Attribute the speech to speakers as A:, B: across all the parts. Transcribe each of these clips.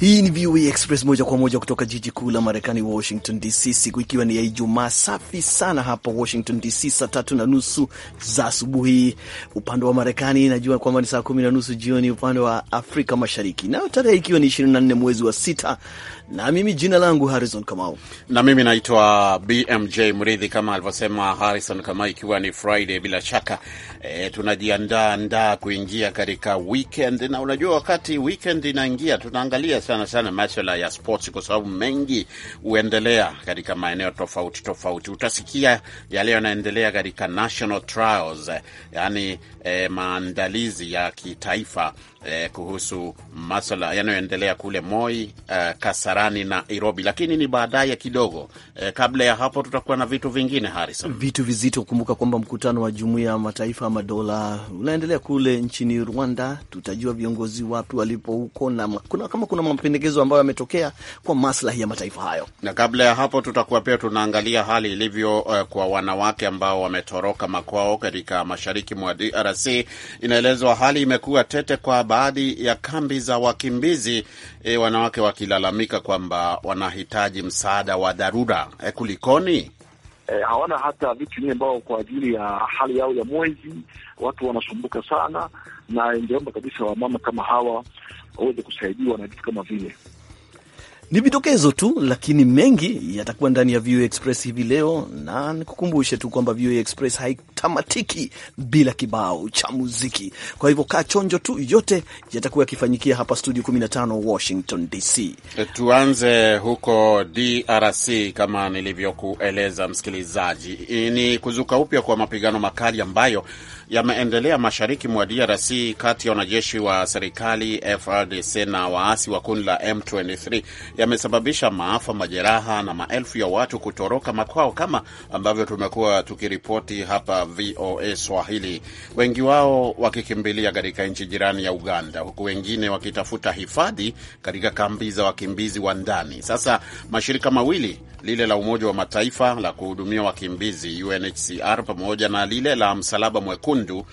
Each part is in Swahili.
A: Hii ni VOA Express moja kwa moja kutoka jiji kuu la Marekani, Washington DC, siku ikiwa ni ya Ijumaa. Safi sana hapa Washington DC, saa tatu na nusu za asubuhi upande wa Marekani. Najua kwamba ni saa kumi na nusu jioni upande wa Afrika Mashariki, nayo tarehe ikiwa ni 24 mwezi wa sita, na mimi jina langu Harrison
B: Kamau, na mimi naitwa BMJ Mridhi, kama alivyosema Harrison Kamau, ikiwa ni Friday bila shaka e, tunajiandaa ndaa kuingia katika weekend, na unajua wakati weekend inaingia tunaangalia sana sana maswala ya sports, kwa sababu mengi huendelea katika maeneo tofauti tofauti. Utasikia yale yanaendelea katika national trials, eh, yani eh, maandalizi ya kitaifa eh, kuhusu maswala yanayoendelea kule Moi, eh, Kasarani na Nairobi, lakini ni baadaye kidogo. Eh, kabla ya hapo tutakuwa na vitu vingine Harrison,
A: vitu vizito. Kumbuka kwamba mkutano wa Jumuiya ya Mataifa ya Madola unaendelea kule nchini Rwanda. Tutajua viongozi wapi walipo huko na kuna, kama kuna mapendekezo ambayo yametokea kwa maslahi ya mataifa
B: hayo, na kabla ya hapo tutakuwa pia tunaangalia hali ilivyo eh, kwa wanawake ambao wametoroka makwao katika mashariki mwa DRC. Inaelezwa hali imekuwa tete kwa baadhi ya kambi za wakimbizi e, wanawake wakilalamika kwamba wanahitaji msaada wa dharura e, kulikoni? E, hawana hata vitu vingi ambao kwa ajili ya hali yao ya mwezi. Watu wanasumbuka sana, na ingeomba kabisa wamama
C: kama hawa waweze kusaidiwa na vitu kama vile.
A: Ni vidokezo tu, lakini mengi yatakuwa ndani ya VOA Express hivi leo, na nikukumbushe tu kwamba VOA Express haitamatiki bila kibao cha muziki. Kwa hivyo kaa chonjo tu, yote yatakuwa yakifanyikia hapa studio 15 Washington DC.
B: E, tuanze huko DRC kama nilivyokueleza msikilizaji, e, ni kuzuka upya kwa mapigano makali ambayo yameendelea mashariki mwa DRC kati ya wanajeshi wa serikali FRDC na waasi wa kundi la M23 yamesababisha maafa, majeraha na maelfu ya watu kutoroka makwao kama ambavyo tumekuwa tukiripoti hapa VOA Swahili, wengi wao wakikimbilia katika nchi jirani ya Uganda, huku wengine wakitafuta hifadhi katika kambi za wakimbizi wa ndani. Sasa mashirika mawili, lile la Umoja wa Mataifa la kuhudumia wakimbizi UNHCR pamoja na lile la Msalaba Mwekundu,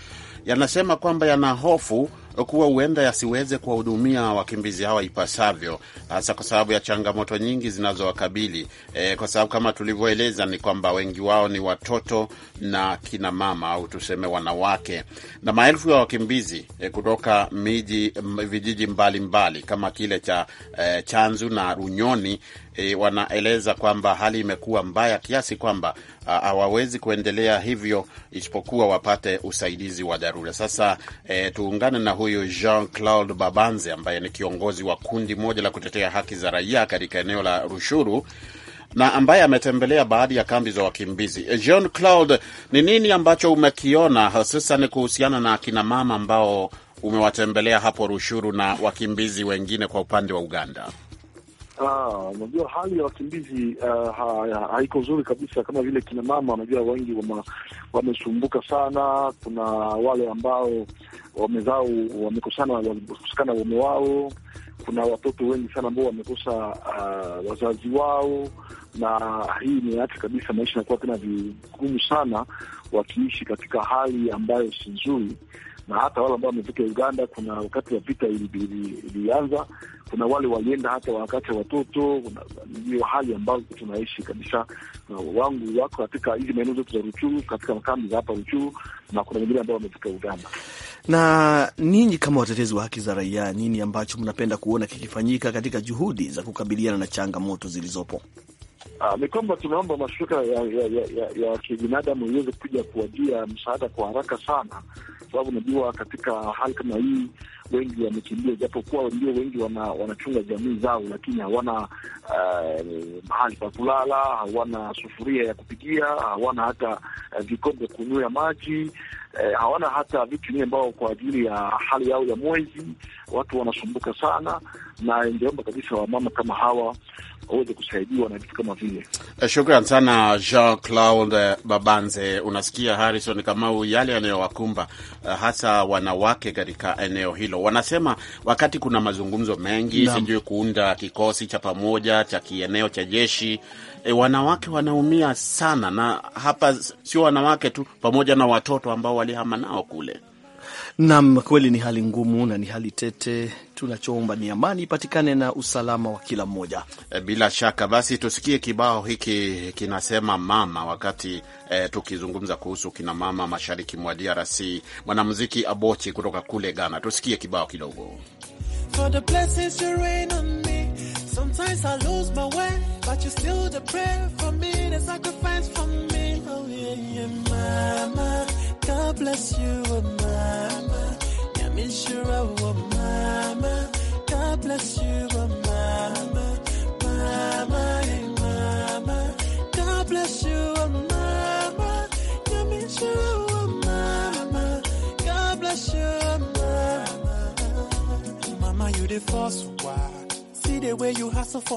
B: yanasema kwamba yana hofu kuwa huenda yasiweze kuwahudumia wakimbizi hawa ipasavyo, hasa kwa sababu ya changamoto nyingi zinazowakabili e, kwa sababu kama tulivyoeleza ni kwamba wengi wao ni watoto na kina mama au tuseme wanawake na maelfu ya wakimbizi e, kutoka miji, vijiji mbalimbali mbali, kama kile cha e, Chanzu na Runyoni e, wanaeleza kwamba hali imekuwa mbaya kiasi kwamba hawawezi kuendelea hivyo isipokuwa wapate usaidizi wa dharura. Sasa e, tuungane na huyu Jean Claude Babanze ambaye ni kiongozi wa kundi moja la kutetea haki za raia katika eneo la Rushuru na ambaye ametembelea baadhi ya kambi za wakimbizi. E, Jean Claude, ni nini ambacho umekiona hususan kuhusiana na akina mama ambao umewatembelea hapo Rushuru na wakimbizi wengine kwa upande wa Uganda?
C: Ah, unajua, hali ya wakimbizi uh, haiko nzuri kabisa, kama vile kina mama, unajua wengi wamesumbuka sana. Kuna wale ambao wamezaa wamekosana, wamekosekana waume wao. Kuna watoto wengi sana ambao wamekosa uh, wazazi wao, na hii imeacha kabisa maisha inakuwa tena vigumu sana, wakiishi katika hali ambayo si nzuri na hata wale ambao wamefika Uganda, kuna wakati wa vita ilianza ili, ili kuna wale walienda hata wakati watoto. Ndio hali ambazo tunaishi kabisa. Wangu wako katika hizi maeneo zetu za Ruchuu, katika makambi za hapa Ruchuu, na kuna wengine ambao wamefika Uganda.
A: Na ninyi kama watetezi wa haki za raia, nini ambacho mnapenda kuona kikifanyika katika juhudi za kukabiliana na changamoto zilizopo?
C: Ah, ni kwamba tunaomba mashirika ya, ya, ya, ya, ya kibinadamu iweze kuja kuwajia msaada kwa haraka sana, sababu unajua katika hali kama hii wengi wamekimbia, japokuwa ndio wengi wana, wanachunga jamii zao, lakini hawana uh, mahali pa kulala, hawana sufuria ya kupikia, hawana hata uh, vikombe kunywea maji Eh, hawana hata vitu ni ambao kwa ajili ya hali yao ya mwezi, watu wanasumbuka sana, na ingeomba kabisa wamama kama hawa waweze kusaidiwa na vitu kama vile.
B: Eh, shukran sana Jean Claude Babanze. Unasikia Harrison Kamau, yale yanayowakumba eh, hasa wanawake katika eneo hilo. Wanasema wakati kuna mazungumzo mengi, sijui kuunda kikosi cha pamoja cha kieneo cha jeshi e, wanawake wanaumia sana, na hapa sio wanawake tu, pamoja na watoto ambao walihama nao kule.
A: Naam, kweli ni hali ngumu na ni hali tete. Tunachoomba ni amani ipatikane na usalama wa kila mmoja.
B: Eh, bila shaka, basi tusikie kibao hiki kinasema mama. Wakati e, tukizungumza kuhusu kina mama mashariki mwa DRC, mwanamuziki Abochi kutoka kule Ghana, tusikie kibao kidogo
A: For the Sometimes I lose my way, but you still the prayer for me, the sacrifice for me. Oh yeah, yeah, mama, God bless you, mama.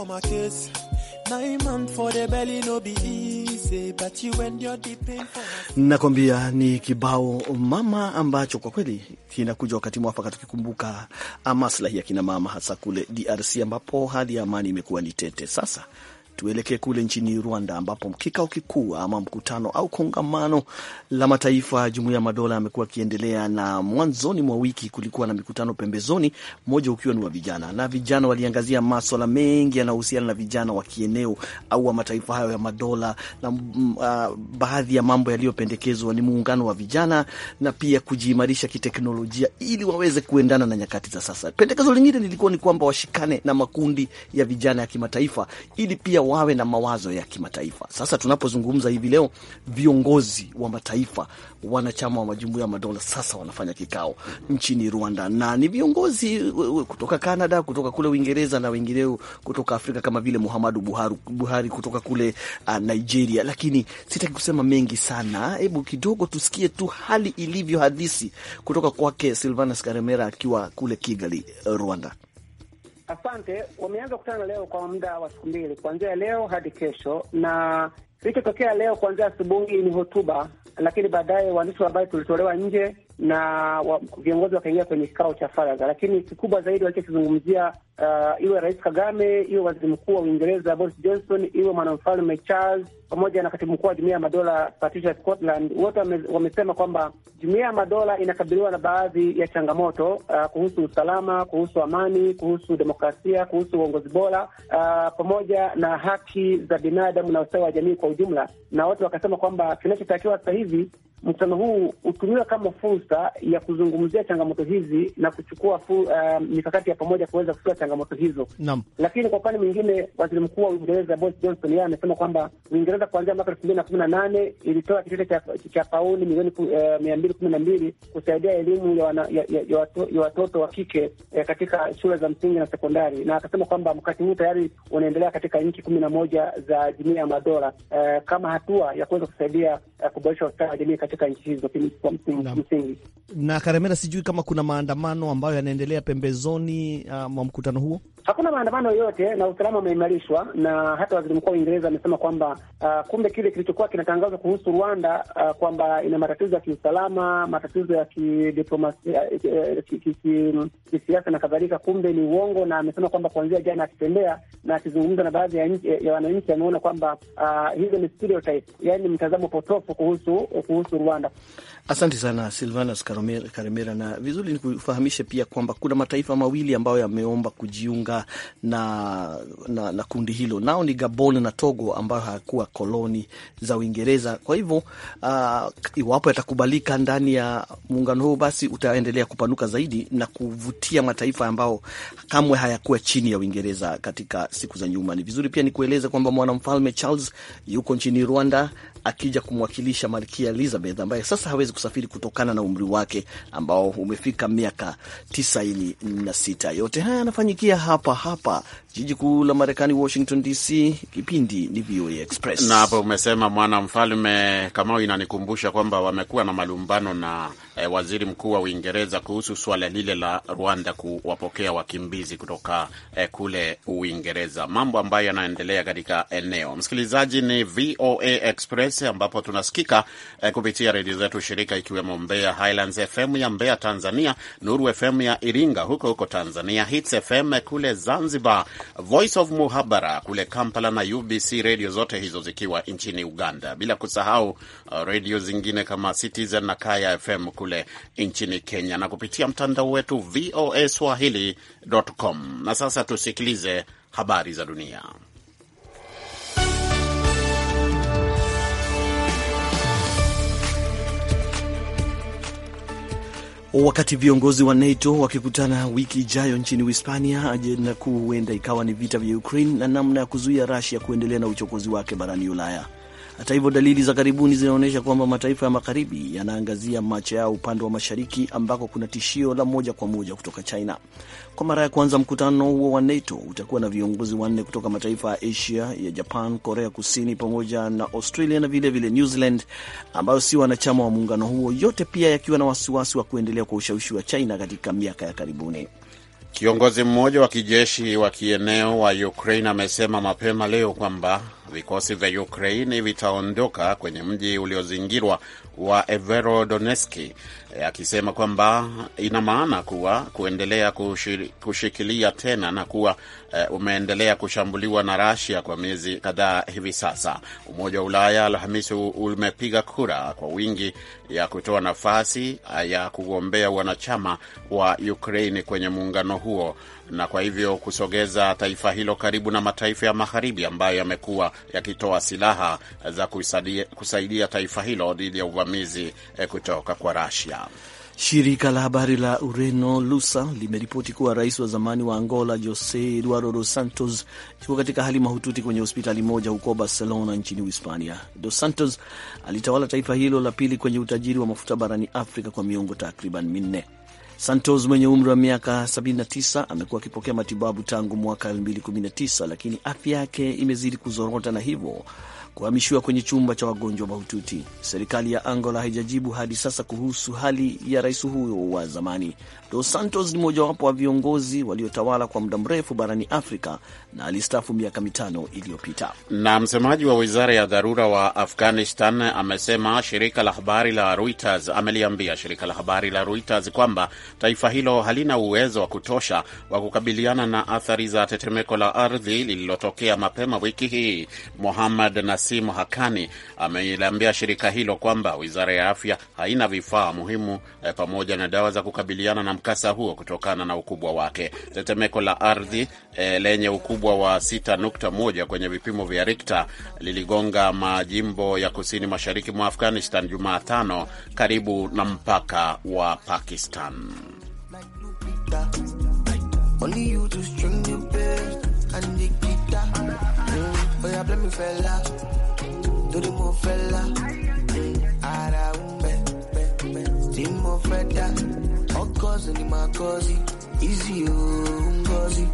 A: for my case. Nakwambia ni kibao mama ambacho kwa kweli kinakuja wakati mwafaka, tukikumbuka ah, maslahi ya kina mama, hasa kule DRC ambapo hali ya amani imekuwa ni tete. Sasa Tuelekee kule nchini Rwanda ambapo kikao kikuu ama mkutano au kongamano la mataifa ya Jumuia ya madola amekuwa akiendelea, na mwanzoni mwa wiki kulikuwa na mikutano pembezoni, mmoja ukiwa ni wa vijana, na vijana waliangazia maswala mengi yanayohusiana na vijana wa kieneo au wa mataifa hayo ya madola, na uh, baadhi ya mambo yaliyopendekezwa ni muungano wa vijana na pia kujiimarisha kiteknolojia ili waweze kuendana na nyakati za sasa. Pendekezo lingine lilikuwa ni kwamba washikane na makundi ya vijana ya kimataifa ili pia wawe na mawazo ya kimataifa. Sasa tunapozungumza hivi leo, viongozi wa mataifa wanachama wa jumuiya ya madola sasa wanafanya kikao nchini Rwanda, na ni viongozi kutoka Canada, kutoka kule Uingereza na wengineo kutoka Afrika kama vile Muhammadu Buhari, Buhari kutoka kule uh, Nigeria. Lakini sitaki kusema mengi sana, hebu kidogo tusikie tu hali ilivyo hadisi kutoka kwake Silvanus Karemera akiwa kule Kigali, Rwanda.
D: Asante. Wameanza kukutana leo kwa muda wa siku mbili, kuanzia leo hadi kesho, na kilichotokea leo kuanzia asubuhi ni hotuba lakini baadaye waandishi wa habari tulitolewa nje na wa, viongozi wakaingia kwenye kikao cha faragha, lakini kikubwa zaidi walichokizungumzia uh, iwe Rais Kagame, iwe waziri mkuu wa Uingereza Boris Johnson, iwe mwanamfalme Charles pamoja na katibu mkuu wa Jumuia ya Madola Patricia Scotland, wote wamesema kwamba Jumuia ya Madola inakabiliwa na baadhi ya changamoto uh, kuhusu usalama, kuhusu amani, kuhusu demokrasia, kuhusu uongozi bora uh, pamoja na haki za binadamu na ustawi wa jamii kwa ujumla, na wote wakasema kwamba kinachotakiwa sasa hivi людей. Mkutano huu hutumiwa kama fursa ya kuzungumzia changamoto hizi na kuchukua fu, uh, mikakati ya pamoja kuweza kutoa changamoto hizo naam. Lakini kwa upande mwingine, waziri mkuu wa Uingereza Boris Johnson yeye amesema kwamba Uingereza kuanzia mwaka elfu mbili na kumi na nane ilitoa kitete cha, cha pauni milioni uh, mia mbili kumi na mbili kusaidia elimu ya, ya, ya, ya, wato, ya watoto wa kike eh, katika shule za msingi na sekondari, na akasema kwamba mkakati huu tayari unaendelea katika nchi kumi na moja za jumuiya ya madola uh, kama hatua ya kuweza kusaidia uh, kuboresha ustawi wa jamii katika nchi hizo msingi.
A: Na Karemera, sijui kama kuna maandamano ambayo yanaendelea pembezoni uh, mwa mkutano huo
D: hakuna maandamano yoyote na usalama umeimarishwa, na hata waziri mkuu wa Uingereza amesema kwamba uh, kumbe kile kilichokuwa kinatangazwa kuhusu Rwanda uh, kwamba ina matatizo ya kiusalama, matatizo ya kidiplomasia, kisiasa na kadhalika, kumbe ni uongo, na amesema kwamba kuanzia jana akitembea na akizungumza na baadhi ya wananchi ameona kwamba uh, hizo ni stereotype, yaani mtazamo potofu kuhusu kuhusu Rwanda.
A: Asante sana Silvana Karemera, na vizuri ni kufahamishe pia kwamba kuna mataifa mawili ambayo yameomba kujiunga na, na, na kundi hilo, nao ni Gabon na Togo ambayo hayakuwa koloni za Uingereza. Kwa hivyo uh, iwapo yatakubalika ndani ya muungano huu, basi utaendelea kupanuka zaidi na kuvutia mataifa ambayo kamwe hayakuwa chini ya Uingereza katika siku za nyuma. Ni vizuri pia ni kueleza kwamba mwanamfalme Charles yuko nchini Rwanda akija kumwakilisha Malkia Elizabeth ambaye sasa hawezi kusafiri kutokana na umri wake ambao umefika miaka tisaini na sita. Yote haya yanafanyikia hapa hapa jiji kuu la Marekani, Washington DC. Kipindi ni VOA Express, na hapo
B: umesema mwana mfalme Kamau, inanikumbusha kwamba wamekuwa na malumbano na eh, waziri mkuu wa Uingereza kuhusu suala lile la Rwanda kuwapokea wakimbizi kutoka eh, kule Uingereza, mambo ambayo yanaendelea katika eneo. Msikilizaji, ni VOA Express Paradise ambapo tunasikika eh, kupitia redio zetu shirika ikiwemo Mbeya Highlands FM ya Mbeya Tanzania, Nuru FM ya Iringa huko huko Tanzania, Hits FM kule Zanzibar, Voice of Muhabara kule Kampala na UBC redio zote hizo zikiwa nchini Uganda, bila kusahau uh, redio zingine kama Citizen na Kaya FM kule nchini Kenya na kupitia mtandao wetu voa swahili.com. Na sasa tusikilize habari za dunia.
A: Wakati viongozi wa NATO wakikutana wiki ijayo nchini Uhispania, ajenda kuu huenda ikawa ni vita vya Ukraine na namna ya kuzuia Rusia kuendelea na uchokozi wake barani Ulaya. Hata hivyo, dalili za karibuni zinaonyesha kwamba mataifa ya magharibi yanaangazia macho yao upande wa mashariki ambako kuna tishio la moja kwa moja kutoka China. Kwa mara ya kwanza mkutano huo wa NATO utakuwa na viongozi wanne kutoka mataifa ya Asia ya Japan, Korea Kusini pamoja na Australia na vilevile vile New Zealand ambayo si wanachama wa muungano huo, yote pia yakiwa na wasiwasi wa kuendelea kwa ushawishi wa China katika miaka ya karibuni.
B: Kiongozi mmoja wa kijeshi wa kieneo wa Ukraine amesema mapema leo kwamba vikosi vya Ukraine vitaondoka kwenye mji uliozingirwa wa everodoneski Eh, akisema kwamba ina maana kuwa kuendelea kushikilia tena na kuwa uh, umeendelea kushambuliwa na Russia kwa miezi kadhaa hivi sasa. Umoja wa Ulaya Alhamisi umepiga kura kwa wingi ya kutoa nafasi eh, ya kugombea wanachama wa Ukraine kwenye muungano huo na kwa hivyo kusogeza taifa hilo karibu na mataifa ya magharibi ambayo yamekuwa yakitoa silaha za kusaidia, kusaidia taifa hilo dhidi ya uvamizi kutoka kwa Russia.
A: Shirika la habari la Ureno Lusa limeripoti kuwa rais wa zamani wa Angola Jose Eduardo Dos Santos yuko katika hali mahututi kwenye hospitali moja huko Barcelona nchini uhispania Dos Santos alitawala taifa hilo la pili kwenye utajiri wa mafuta barani Afrika kwa miongo takriban minne. Santos mwenye umri wa miaka 79 amekuwa akipokea matibabu tangu mwaka 2019 lakini afya yake imezidi kuzorota na hivyo kuhamishiwa kwenye chumba cha wagonjwa mahututi. Serikali ya Angola haijajibu hadi sasa kuhusu hali ya rais huyo wa zamani. Dos Santos ni mojawapo wa viongozi waliotawala kwa muda mrefu barani Afrika na alistaafu miaka mitano iliyopita.
B: Na msemaji wa wizara ya dharura wa Afghanistan amesema shirika la habari la Reuters ameliambia shirika la habari la Reuters kwamba taifa hilo halina uwezo wa kutosha wa kukabiliana na athari za tetemeko la ardhi lililotokea mapema wiki hii. Mohammad Nasir Kassim Hakani ameliambia shirika hilo kwamba wizara ya afya haina vifaa muhimu eh, pamoja na dawa za kukabiliana na mkasa huo kutokana na ukubwa wake. Tetemeko la ardhi eh, lenye ukubwa wa 6.1 kwenye vipimo vya Richter liligonga majimbo ya kusini mashariki mwa Afghanistan Jumatano karibu na mpaka wa Pakistan.
E: mo fella, ara umbe, timo feta, okozi ni makozi, easy ungozi.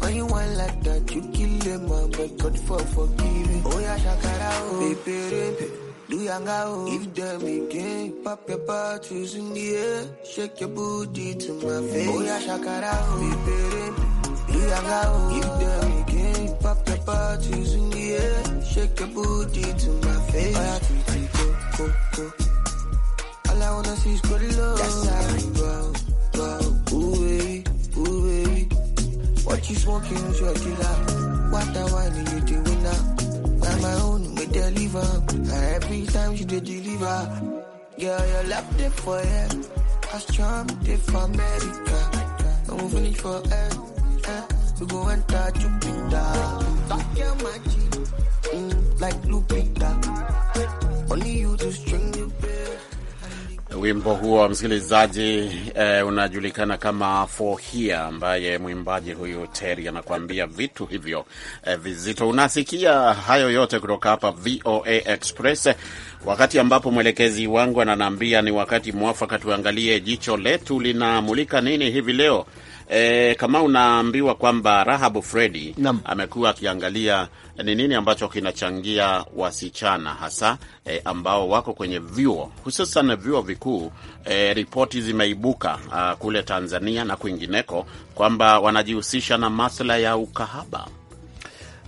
E: When you want like that, you kill them, but God for forgiving. Oh yeah, shakara, oh, pepe, do yanga, oh, if them again, pop your parties in the air, shake your booty to my face. Oh yeah, shakara, oh, pepe, do yanga, oh, if them again, pop your parties in the air. Shake your booty to my face. Oh, yeah, tweety, go, go, go. All I wanna see is good love. That's how I go, go. Ooh, baby, ooh, baby. What you smoking, who's your killer? What the wine are you doing now? i my own, we deliver. And Every time you deliver. Girl, your love there for you. I strong there for America. I'm moving it for air. Eh? We go and enter Jupiter. Fuck your magic.
B: Wimbo huo msikilizaji, eh, unajulikana kama For Here, ambaye mwimbaji huyu Terry anakuambia vitu hivyo eh, vizito. Unasikia hayo yote kutoka hapa VOA Express, wakati ambapo mwelekezi wangu ananiambia ni wakati mwafaka tuangalie jicho letu linamulika nini hivi leo. E, kama unaambiwa kwamba Rahabu Fredi amekuwa akiangalia ni nini ambacho kinachangia wasichana hasa e, ambao wako kwenye vyuo hususan vyuo vikuu e, ripoti zimeibuka a, ah, kule Tanzania na kwingineko kwamba wanajihusisha na masuala ya ukahaba.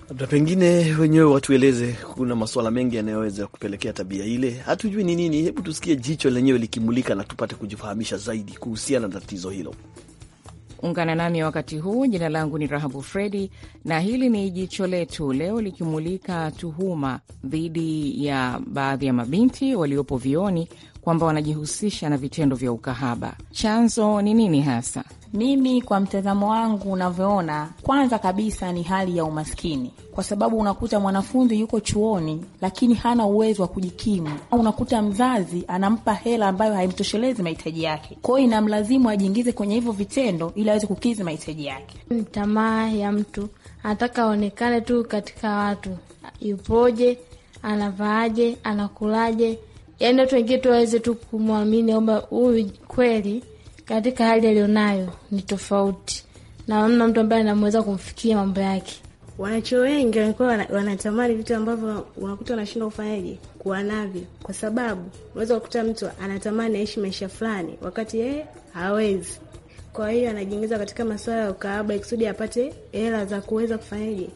A: Labda pengine wenyewe watueleze, kuna masuala mengi yanayoweza kupelekea tabia ile, hatujui ni nini. Hebu tusikie jicho lenyewe likimulika na tupate kujifahamisha zaidi kuhusiana na tatizo hilo.
F: Ungana nami wakati huu. Jina langu ni Rahabu Fredi na hili ni Jicho Letu, leo likimulika tuhuma dhidi ya baadhi ya mabinti waliopo vioni kwamba wanajihusisha na vitendo vya ukahaba. Chanzo ni nini hasa? Mimi kwa mtazamo wangu unavyoona, kwanza kabisa ni hali ya umaskini, kwa sababu unakuta mwanafunzi yuko chuoni lakini hana uwezo wa kujikimu, au unakuta mzazi anampa hela ambayo haimtoshelezi mahitaji yake, kwao inamlazimu ajiingize kwenye hivyo vitendo ili aweze kukizi mahitaji yake. Tamaa ya mtu anataka aonekane tu katika watu, yupoje, anavaaje, anakulaje yani watu wengine tu waweze tu kumwamini kwamba huyu kweli katika hali aliyonayo ni tofauti na namna mtu ambaye anamweza kumfikia mambo yake. Wanacho wengi walikuwa wanatamani vitu ambavyo unakuta wanashindwa kufanyaje kuwa navyo, kwa sababu unaweza kukuta mtu anatamani aishi maisha fulani wakati yeye hawezi. Kwa hiyo anajiingiza katika masuala ya ukaaba ikusudi apate hela za kuweza kufanyaje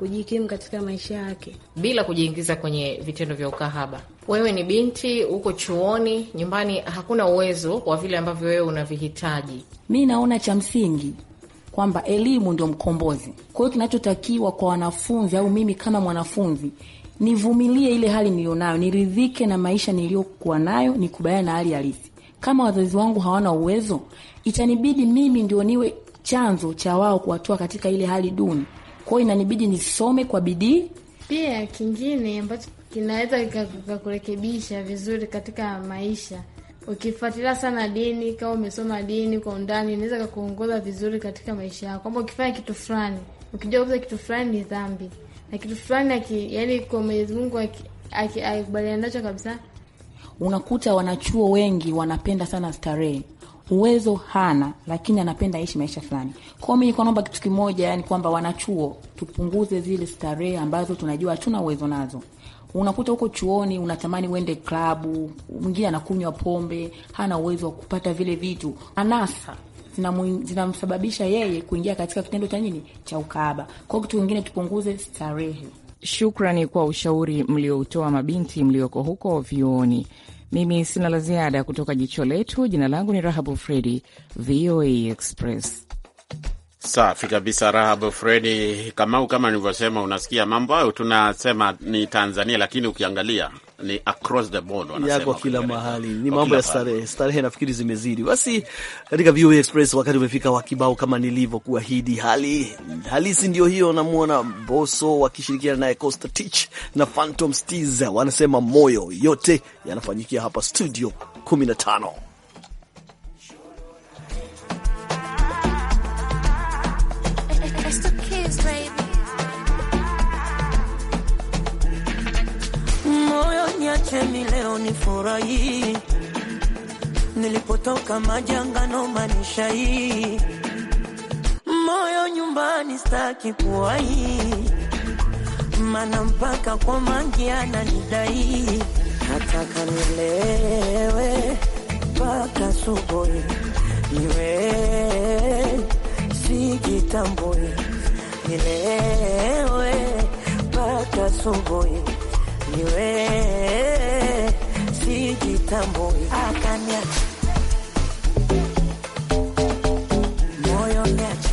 F: kujikimu katika maisha yake bila kujiingiza kwenye vitendo vya ukahaba. Wewe ni binti, uko chuoni, nyumbani hakuna uwezo wa vile ambavyo wewe unavihitaji. Mi naona cha msingi kwamba elimu ndio mkombozi. Kwa hiyo kinachotakiwa kwa wanafunzi au mimi kama mwanafunzi nivumilie ile hali nayo niridhike na maisha niliyokuwa nayo, nikubaliane na hali halisi. Kama wazazi wangu hawana uwezo, itanibidi mimi ndio niwe chanzo cha wao kuwatoa katika ile hali duni kwao, inanibidi nisome kwa bidii. Pia kingine ambacho kinaweza kikakurekebisha vizuri katika maisha, ukifuatilia sana dini, kama umesoma dini kwa undani, inaweza kakuongoza vizuri katika maisha yako, kwamba ukifanya kitu fulani, ukijua kabisa kitu fulani ni dhambi na kitu fulani yani kwa Mwenyezi Mungu akikubaliana nacho kabisa. Unakuta wanachuo wengi wanapenda sana starehe uwezo hana, lakini anapenda aishi maisha fulani. Kwao mi niko naomba kitu kimoja, yani kwamba wanachuo tupunguze zile starehe ambazo tunajua hatuna uwezo nazo. Unakuta huko chuoni unatamani uende klabu, mwingine anakunywa pombe, hana uwezo wa kupata vile vitu, anasa zinamsababisha yeye kuingia katika kitendo cha nini cha ukahaba. Kwao kitu kingine tupunguze starehe. Shukrani kwa ushauri mlioutoa mabinti mlioko huko vyuoni. Mimi sina la ziada kutoka jicho letu. Jina langu ni Rahabu Fredi, VOA Express.
B: Safi kabisa, Rahabu Fredi Kamau. Kama nilivyosema, unasikia mambo hayo tunasema ni Tanzania, lakini ukiangalia ni across the board wanasema, yako kila
A: mahali, ni mambo ya starehe starehe, nafikiri zimezidi. Basi katika VOA Express wakati umefika wa kibao, kama nilivyokuahidi, hali halisi ndio hiyo. Namwona Boso wakishirikiana naye Costa Teach na Phantom Steez wanasema moyo yote yanafanyikia hapa studio 15.
E: Chemi leo ni furahi, nilipotoka majangano manisha hii, moyo nyumbani staki kuwahi, mana mpaka kwa mangi ananidai, nataka nilewe mpaka asubuhi, niwe sijitambui, nilewe mpaka asubuhi ni sijitambui akaniacha moyo niacha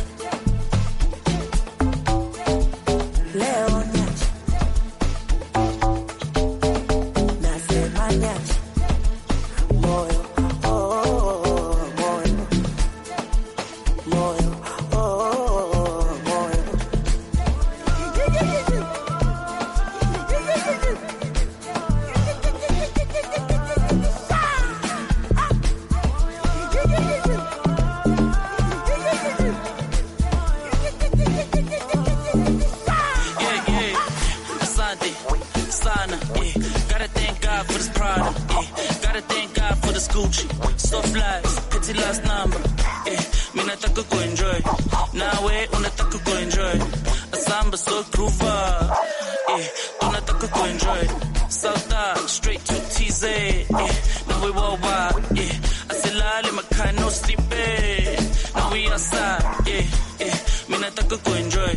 C: kuenjoy,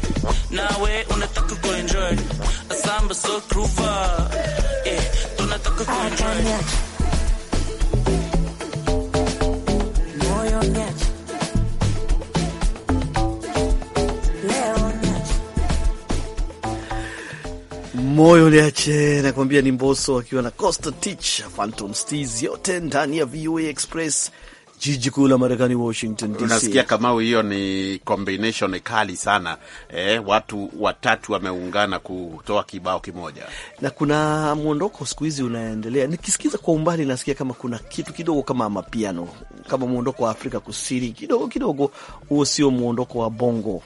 C: nawe unataka kuenjoy, asamba so groove, eh, tunataka kuenjoy
A: moyo niache, nakwambia ni Mboso akiwa na Costa Teach Phantom Steez, yote ndani ya VOA Express jiji kuu la Marekani, Washington DC. Unasikia
B: Kamau, hiyo ni combination kali sana eh, watu watatu wameungana kutoa kibao kimoja,
A: na kuna mwondoko siku hizi unaendelea. Nikisikiza kwa umbali, nasikia kama kuna kitu kidogo kama mapiano, kama mwondoko wa Afrika Kusini kidogo kidogo, huo sio mwondoko wa bongo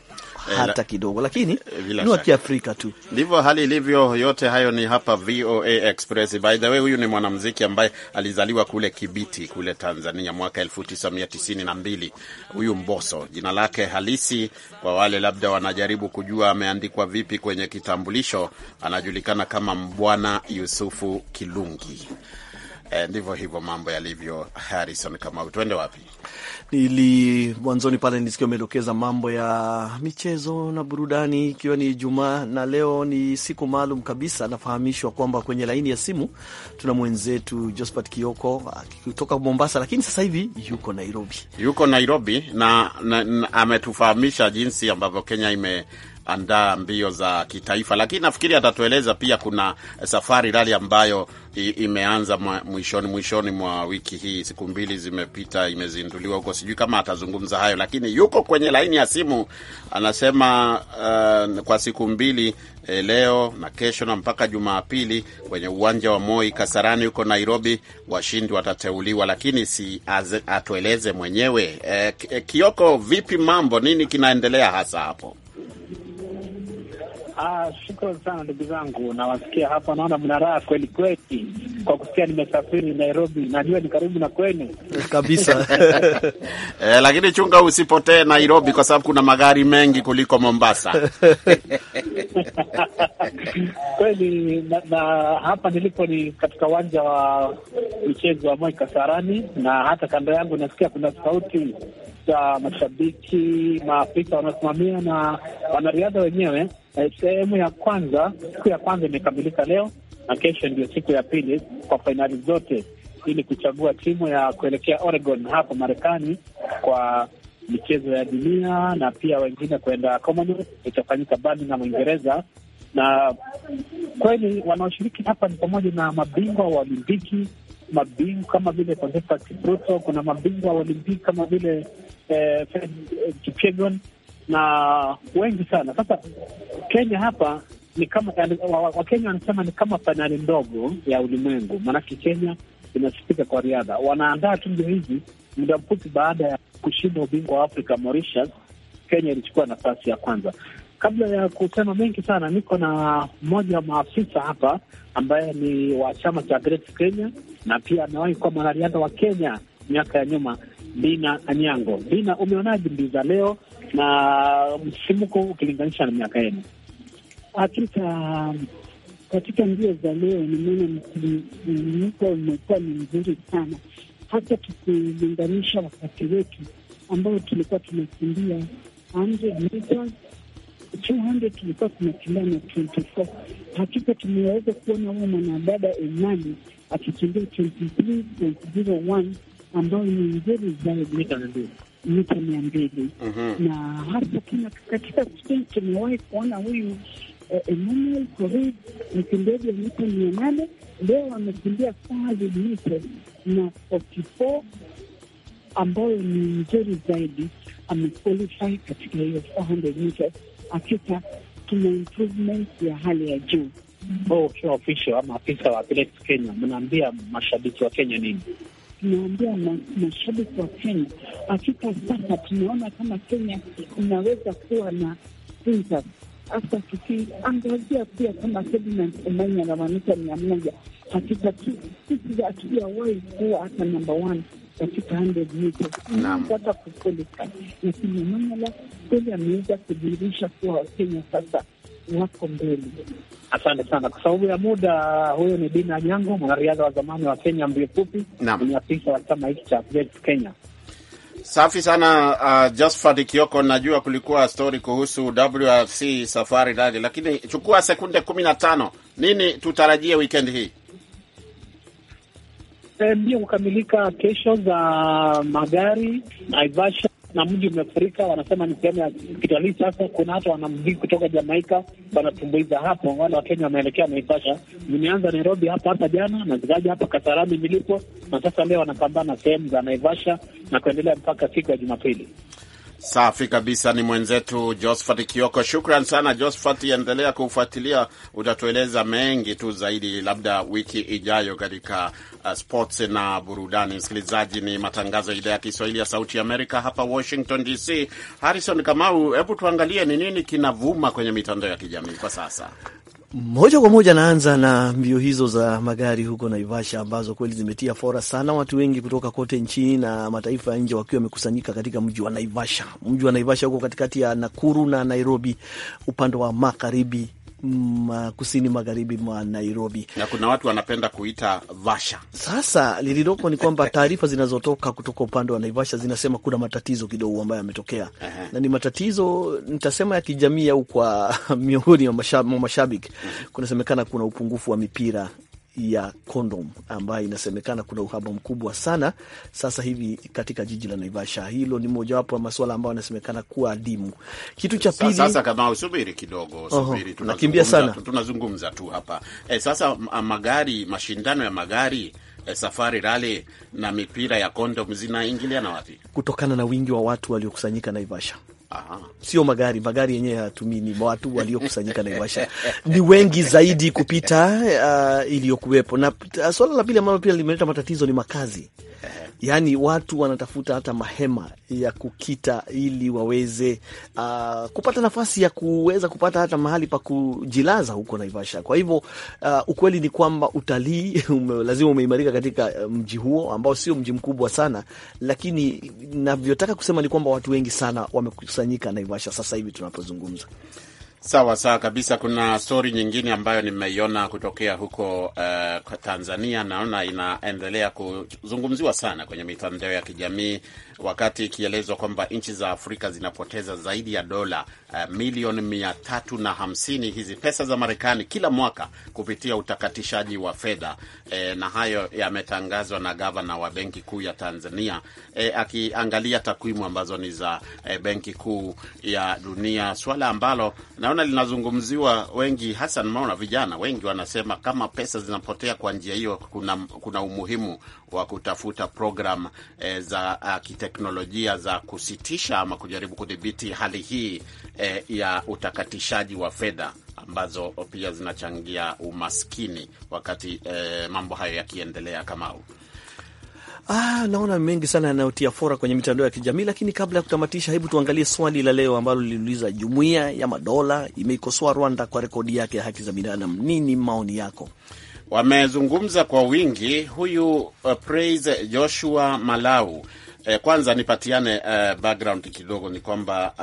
A: Eh, hata kidogo, lakini
B: eh, ni wa Kiafrika tu, ndivyo hali ilivyo. Yote hayo ni hapa VOA Express. By the way, huyu ni mwanamuziki ambaye alizaliwa kule Kibiti kule Tanzania mwaka 1992 huyu mboso jina lake halisi, kwa wale labda wanajaribu kujua ameandikwa vipi kwenye kitambulisho, anajulikana kama Mbwana Yusufu Kilungi. E, ndivyo hivyo mambo yalivyo. Harrison Kamau, tuende wapi?
A: Nili mwanzoni pale nisikia umedokeza mambo ya michezo na burudani, ikiwa ni Ijumaa na leo ni siku maalum kabisa. Nafahamishwa kwamba kwenye laini ya simu tuna mwenzetu Josphat Kioko kutoka Mombasa, lakini sasa hivi yuko Nairobi,
B: yuko Nairobi na, na, na ametufahamisha jinsi ambavyo Kenya ime andaa mbio za kitaifa, lakini nafikiri atatueleza pia. Kuna safari rali ambayo imeanza mwishoni mwishoni mwa wiki hii, siku mbili zimepita, imezinduliwa huko. Sijui kama atazungumza hayo, lakini yuko kwenye laini ya simu, anasema uh, kwa siku mbili eh, leo na kesho na mpaka Jumapili kwenye uwanja wa Moi Kasarani huko Nairobi, washindi watateuliwa, lakini si atueleze mwenyewe. eh, Kioko, vipi mambo, nini kinaendelea hasa hapo?
D: Ah, shukrani sana ndugu zangu, nawasikia hapa, naona mna raha kweli kweli kwa kusikia nimesafiri Nairobi, najua ni karibu na kwenu kabisa.
B: Eh, lakini chunga usipotee Nairobi kwa sababu kuna magari mengi kuliko Mombasa.
D: Kweli na, na hapa nilipo ni katika uwanja wa michezo wa Moi Kasarani, na hata kando yangu nasikia kuna sauti hasa mashabiki, maafisa wanaosimamia na wanariadha wenyewe. Eh, sehemu ya kwanza, siku ya kwanza imekamilika leo na kesho ndio siku ya pili kwa fainali zote, ili kuchagua timu ya kuelekea Oregon hapo Marekani kwa michezo ya dunia na pia wengine kwenda Commonwealth. Itafanyika bani na Uingereza na kweli wanaoshiriki hapa ni pamoja na mabingwa wa Olimpiki mabingwa kama vile Conesta Kipruto, kuna mabingwa wa Olimpiki kama vile eh, eh na wengi sana. Sasa Kenya hapa ni kama Wakenya wanasema ni kama fainali ndogo ya ulimwengu, maanake Kenya inasifika kwa riadha. Wanaandaa tunzo hizi muda mfupi baada ya kushinda ubingwa wa Afrika Mauritius, Kenya ilichukua nafasi ya kwanza. Kabla ya kusema mengi sana, niko na mmoja wa maafisa hapa ambaye ni wa chama cha Great Kenya na pia amewahi kuwa mwanariadha wa Kenya miaka ya nyuma, Dina Anyango. Dina, umeonaje mbio za leo na msimuko ukilinganisha na miaka yenu?
G: Hakika katika mbio za leo nimeona msimuko umekuwa ni mzuri sana, hasa tukilinganisha wakati wetu ambao tulikuwa tunakimbia 100 meters 200 tulikuwa tunashindana 24. Hakika tumeweza kuona huyo mwanadada Emali akikimbia 23.01 ambayo ni nzuri zaidi mita mia mbili mhm. na hasa kina katika sprint tumewahi kuona huyu eh, Emmanuel Korir mkimbiaji wa mita mia nane leo amekimbia 500 mita na 44 ambayo ni nzuri zaidi, amequalify katika hiyo 400 mita hakika tuna improvement ya hali ya juu.
D: Ukiwa oh, ofisho ama afisa wa Athletics Kenya, mnaambia mashabiki wa Kenya nini?
G: Tunaambia mashabiki wa Kenya, hakika sasa tunaona kama Kenya inaweza kuwa na hasa tukiangazia pia kama sediment ambayo inagawanyika mia moja, hakika sisi hatujawahi kuwa hata namba one katika hata kukoleka, lakini kweli ameweza kudhihirisha kuwa Wakenya sasa wako mbele. Asante sana. Kwa
D: sababu ya muda, huyu ni Dina Nyango, mwanariadha wa zamani wa Kenya mbio fupi, ni afisa wa chama hiki cha Kenya.
B: Safi sana uh, Josephat Kioko, najua kulikuwa stori kuhusu WRC safari rali, lakini chukua sekunde kumi na tano, nini tutarajie wikendi hii?
D: Eh, mbio kukamilika kesho za magari Naivasha na mji umefurika, wanasema ni sehemu ya kitalii. Sasa kuna hata wanamziki kutoka Jamaika wanatumbuiza hapo, wale Wakenya wameelekea Naivasha. Zimeanza Nairobi hapa hapa jana na zikaja hapa Kasarani nilipo, na sasa leo wanapambana sehemu za Naivasha na kuendelea mpaka siku ya Jumapili.
B: Safi kabisa, ni mwenzetu Josphat Kioko. Shukran sana Josphat, endelea kufuatilia, utatueleza mengi tu zaidi, labda wiki ijayo katika uh, sports na burudani. Msikilizaji, ni matangazo ya idhaa ya Kiswahili ya Sauti Amerika hapa Washington DC. Harrison Kamau, hebu tuangalie ni nini kinavuma kwenye mitandao ya kijamii kwa sasa.
A: Moja kwa moja naanza na mbio hizo za magari huko Naivasha ambazo kweli zimetia fora sana, watu wengi kutoka kote nchini na mataifa ya nje wakiwa wamekusanyika katika mji wa Naivasha. Mji wa Naivasha huko katikati ya Nakuru na Nairobi upande wa magharibi ma, mm, uh, kusini magharibi mwa
B: Nairobi, na kuna watu wanapenda kuita Vasha.
A: Sasa lililoko ni kwamba taarifa zinazotoka kutoka upande wa Naivasha zinasema kuna matatizo kidogo ambayo yametokea, uh -huh. na ni matatizo nitasema ya kijamii au kwa miongoni mwa mashabiki. Kunasemekana kuna upungufu wa mipira ya kondom ambayo inasemekana kuna uhaba mkubwa sana sasa hivi katika jiji la Naivasha. Hilo ni mojawapo ya masuala ambayo anasemekana kuwa adimu. Kitu cha pili sasa,
B: kama usubiri kidogo, subiri, tunakimbia sana, tunazungumza tu hapa e, sasa magari, mashindano ya magari E, safari rali na mipira ya kondom zinaingiliana wapi?
A: Kutokana na wingi wa watu waliokusanyika Naivasha. Aha. Sio magari, magari yenyewe hayatumii, ni watu waliokusanyika Naivasha ni wengi zaidi kupita uh, iliyokuwepo. Na uh, swala la pili ambalo pia limeleta matatizo ni makazi, yaani watu wanatafuta hata mahema ya kukita ili waweze uh, kupata nafasi ya kuweza kupata hata mahali pa kujilaza huko Naivasha. Kwa hivyo uh, ukweli ni kwamba utalii ume, lazima umeimarika katika uh, mji huo ambao sio mji mkubwa sana, lakini navyotaka kusema ni kwamba watu wengi sana wamekusanyika yanakusanyika Naivasha
B: sasa hivi tunapozungumza. Sawa sawa kabisa. Kuna stori nyingine ambayo nimeiona kutokea huko uh, Tanzania, naona inaendelea kuzungumziwa sana kwenye mitandao ya kijamii wakati ikielezwa kwamba nchi za Afrika zinapoteza zaidi ya dola uh, milioni mia tatu na hamsini hizi pesa za Marekani kila mwaka kupitia utakatishaji wa fedha e, na hayo yametangazwa na gavana wa Benki Kuu ya Tanzania e, akiangalia takwimu ambazo ni za e, Benki Kuu ya Dunia, swala ambalo naona linazungumziwa wengi, hasa nimeona vijana wengi wanasema kama pesa zinapotea kwa njia hiyo, kuna, kuna umuhimu wa kutafuta program e, za uh, teknolojia za kusitisha ama kujaribu kudhibiti hali hii e, ya utakatishaji wa fedha ambazo pia zinachangia umaskini wakati e, mambo hayo yakiendelea kama huu.
A: Ah, naona mengi sana yanayotia fora kwenye mitandao ya kijamii, lakini kabla ya kutamatisha, hebu tuangalie swali la leo ambalo liliuliza jumuiya ya madola imeikosoa Rwanda kwa rekodi yake ya haki za binadamu. Nini maoni
B: yako? Wamezungumza kwa wingi. Huyu uh, Praise Joshua Malau Eh, kwanza nipatiane eh, background kidogo ni kwamba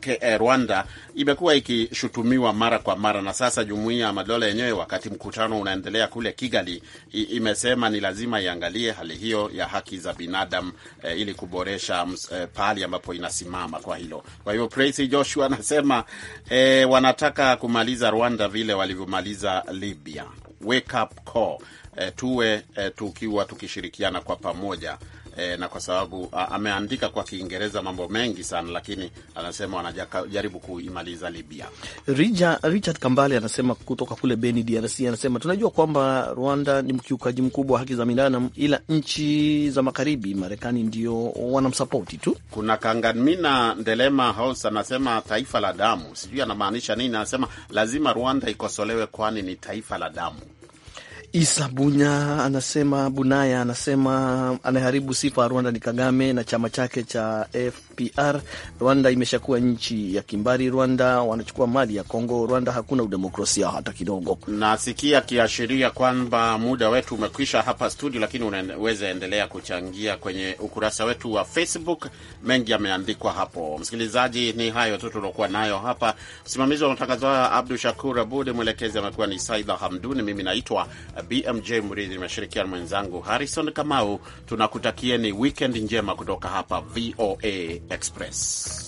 B: eh, eh, Rwanda imekuwa ikishutumiwa mara kwa mara, na sasa jumuiya ya madola yenyewe, wakati mkutano unaendelea kule Kigali, i, imesema ni lazima iangalie hali hiyo ya haki za binadamu eh, ili kuboresha eh, pahali ambapo inasimama kwa hilo. Kwa hiyo Praise Joshua anasema eh, wanataka kumaliza Rwanda vile walivyomaliza Libya. Wake up call. Eh, tuwe eh, tukiwa tukishirikiana kwa pamoja e, na kwa sababu a, ameandika kwa Kiingereza mambo mengi sana, lakini anasema wanajaribu kuimaliza Libya.
A: Richard, Richard Kambale anasema kutoka kule Beni, DRC, anasema tunajua kwamba Rwanda ni mkiukaji mkubwa wa haki za binadamu, ila nchi za magharibi, Marekani ndio wanamsapoti tu.
B: Kuna kangamina Ndelema House anasema taifa la damu, sijui anamaanisha nini. Anasema lazima Rwanda ikosolewe, kwani ni taifa la damu.
A: Isa Bunya anasema Bunaya anasema anaharibu sifa ya Rwanda ni Kagame na chama chake cha FPR. Rwanda imeshakuwa nchi ya kimbari, Rwanda wanachukua mali ya Kongo, Rwanda hakuna udemokrasia hata kidogo.
B: Nasikia kiashiria kwamba muda wetu umekwisha hapa studio, lakini unaweza endelea kuchangia kwenye ukurasa wetu wa Facebook. Mengi yameandikwa hapo. Msikilizaji, ni hayo tu tuliokuwa nayo hapa. Msimamizi wa matangazo haya Abdu Shakur Abud, mwelekezi amekuwa ni Saida Hamduni, mimi naitwa BMJ Mridhi imeshirikiana mwenzangu Harrison Kamau. Tunakutakieni wikend njema kutoka hapa VOA Express.